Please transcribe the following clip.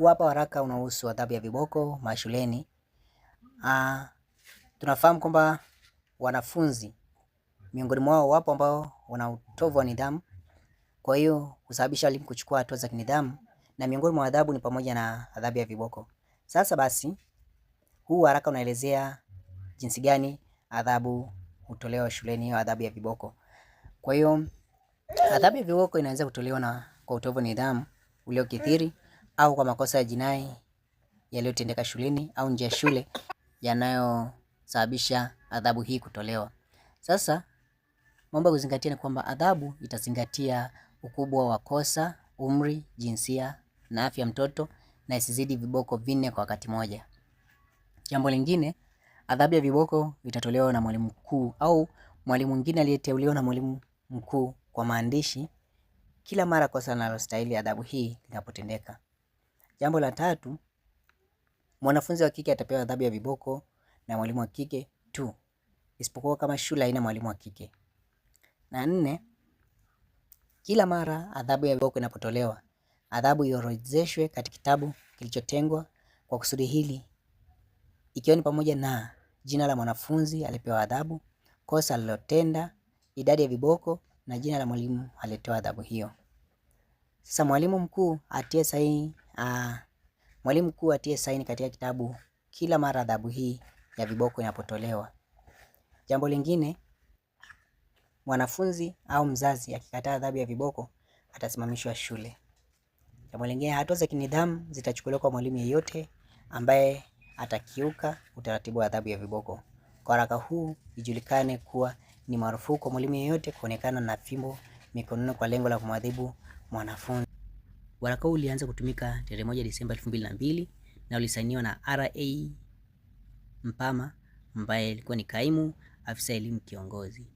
Huwapa waraka unaohusu adhabu ya viboko mashuleni. Ah, tunafahamu kwamba wanafunzi miongoni mwao wapo ambao wana utovu wa nidhamu, kwa hiyo kusababisha walimu kuchukua hatua za kinidhamu, na miongoni mwa adhabu ni pamoja na adhabu ya viboko. Sasa basi, huu waraka unaelezea jinsi gani adhabu hutolewa shuleni, hiyo adhabu ya viboko. Kwa hiyo adhabu ya viboko inaweza kutolewa na kwa utovu wa nidhamu uliokithiri au kwa makosa ya jinai yaliyotendeka shuleni au nje ya shule yanayosababisha adhabu hii kutolewa. Sasa mambo ya kuzingatia ni kwamba adhabu itazingatia ukubwa wa kosa, umri, jinsia na afya mtoto, na isizidi viboko vinne kwa wakati moja. Jambo lingine, adhabu ya viboko itatolewa na mwalimu mkuu au mwalimu mwingine aliyeteuliwa na mwalimu mkuu kwa maandishi kila mara kosa linalostahili adhabu hii linapotendeka. Jambo la tatu, mwanafunzi wa kike atapewa adhabu ya viboko na mwalimu wa kike tu, isipokuwa kama shule haina mwalimu wa kike. Na nne, kila mara adhabu ya viboko inapotolewa, adhabu iorodheshwe katika kitabu kilichotengwa kwa kusudi hili, ikiwa ni pamoja na jina la mwanafunzi alipewa adhabu, kosa alilotenda, idadi ya viboko na jina la mwalimu aliyetoa adhabu hiyo. Sasa mwalimu mkuu atie sahihi Aa, ah, mwalimu mkuu atie saini katika kitabu kila mara adhabu hii ya viboko inapotolewa. Jambo lingine, mwanafunzi au mzazi akikataa adhabu ya viboko atasimamishwa shule. Jambo lingine, hatua za kinidhamu zitachukuliwa kwa mwalimu yeyote ambaye atakiuka utaratibu wa adhabu ya viboko. Kwa haraka huu ijulikane kuwa ni marufuku kwa mwalimu yeyote kuonekana na fimbo mikononi kwa lengo la kumwadhibu mwanafunzi. Waraka huu ulianza kutumika tarehe moja Disemba elfu mbili na mbili na ulisainiwa na RA Mpama ambaye alikuwa ni kaimu afisa elimu kiongozi.